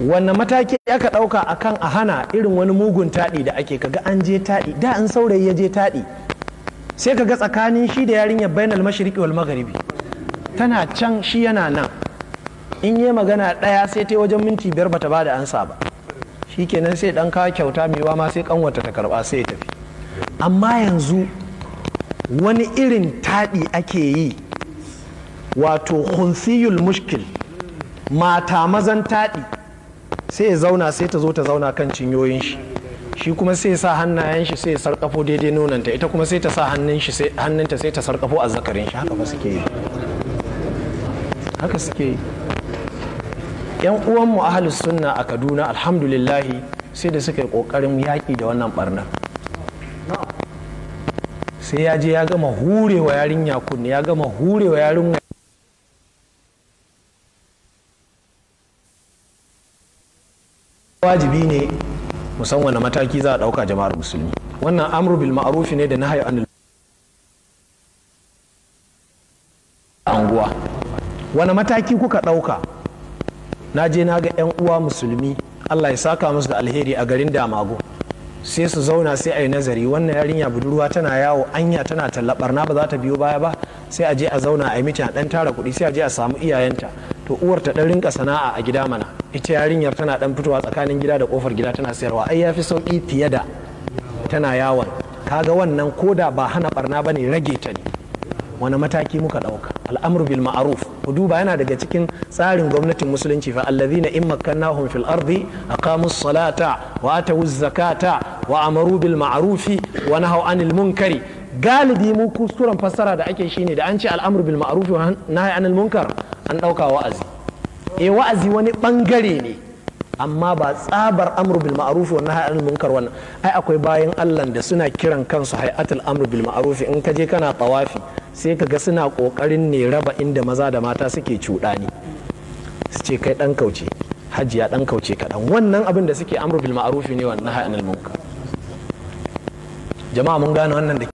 wannan mataki aka ɗauka akan a hana irin wani mugun taɗi da ake kaga an je taɗi da an saurayi ya je taɗi sai kaga tsakanin shi da yarinyar bainal mashriqi wal magharibi tana can shi yana nan in yi magana ɗaya sai ta wajen minti biyar bata ba da ansa ba shi kenan sai ɗan kawo kyauta maiwa ma sai kanwata ta karɓa sai ya tafi amma yanzu wani irin taɗi ake yi wato hunsiyul mushkil mata mazan taɗi sai ya zauna sai ta zo ta zauna kan cinyoyin shi shi kuma sai ya sa hannayen shi sai ya sarkafo daidai nonanta ita kuma sai ta sa hannun shi hannunta sai ta sarkafo a zakarin shi haka ba suke yi haka suke yi yan mu ahlus sunna a Kaduna alhamdulillahi sai da suka yi kokarin yaƙi da wannan barnar sai ya je ya gama hurewa yarinya kunne ya gama hurewa yarinya wajibi ne musamman na mataki za a ɗauka jama'ar musulmi wannan amru bil ma'arufi ne da nahyi anil anguwa wani mataki kuka ɗauka na je na ga 'yan uwa musulmi allah ya saka musu da alheri a garin damago sai su zauna sai a yi nazari wannan yarinya budurwa tana yawo anya tana tallabar na ba za ta biyo baya ba sai a je a zauna a yi mita dan tara kuɗi sai a je a samu iyayenta to uwar ta ɗan rinka sana'a a gida mana ita yarinyar tana dan fitowa tsakanin gida da kofar gida tana sayarwa ai yafi sauki fiye da tana yawon kaga wannan koda ba hana barna bane rage ta ne wani mataki muka dauka al'amru bil ma'ruf ku duba yana daga cikin tsarin gwamnatin musulunci fa allazina in makkannahum fil ardi aqamus salata wa atu zakata wa amaru bil ma'ruf wa nahaw anil munkari galibi mu kuskuren fassara da ake shine da an ce al'amru bil ma'ruf wa nahy anil munkar an dauka wa'azi E, wa'azi wani bangare ne amma ba tsabar amru bil ma'ruf wa nahy anil munkar wannan ai akwai bayan Allah da suna kiran kansu hayatul amru bil ma'ruf in ka je kana tawafi sai ka ga suna kokarin ne raba inda maza da mata suke cudani. su ce kai dan kauce hajiya dan kauce kaɗan wannan abin da suke amru bil ma'ruf ne wa nahy anil munkar jama'a mun gane wannan da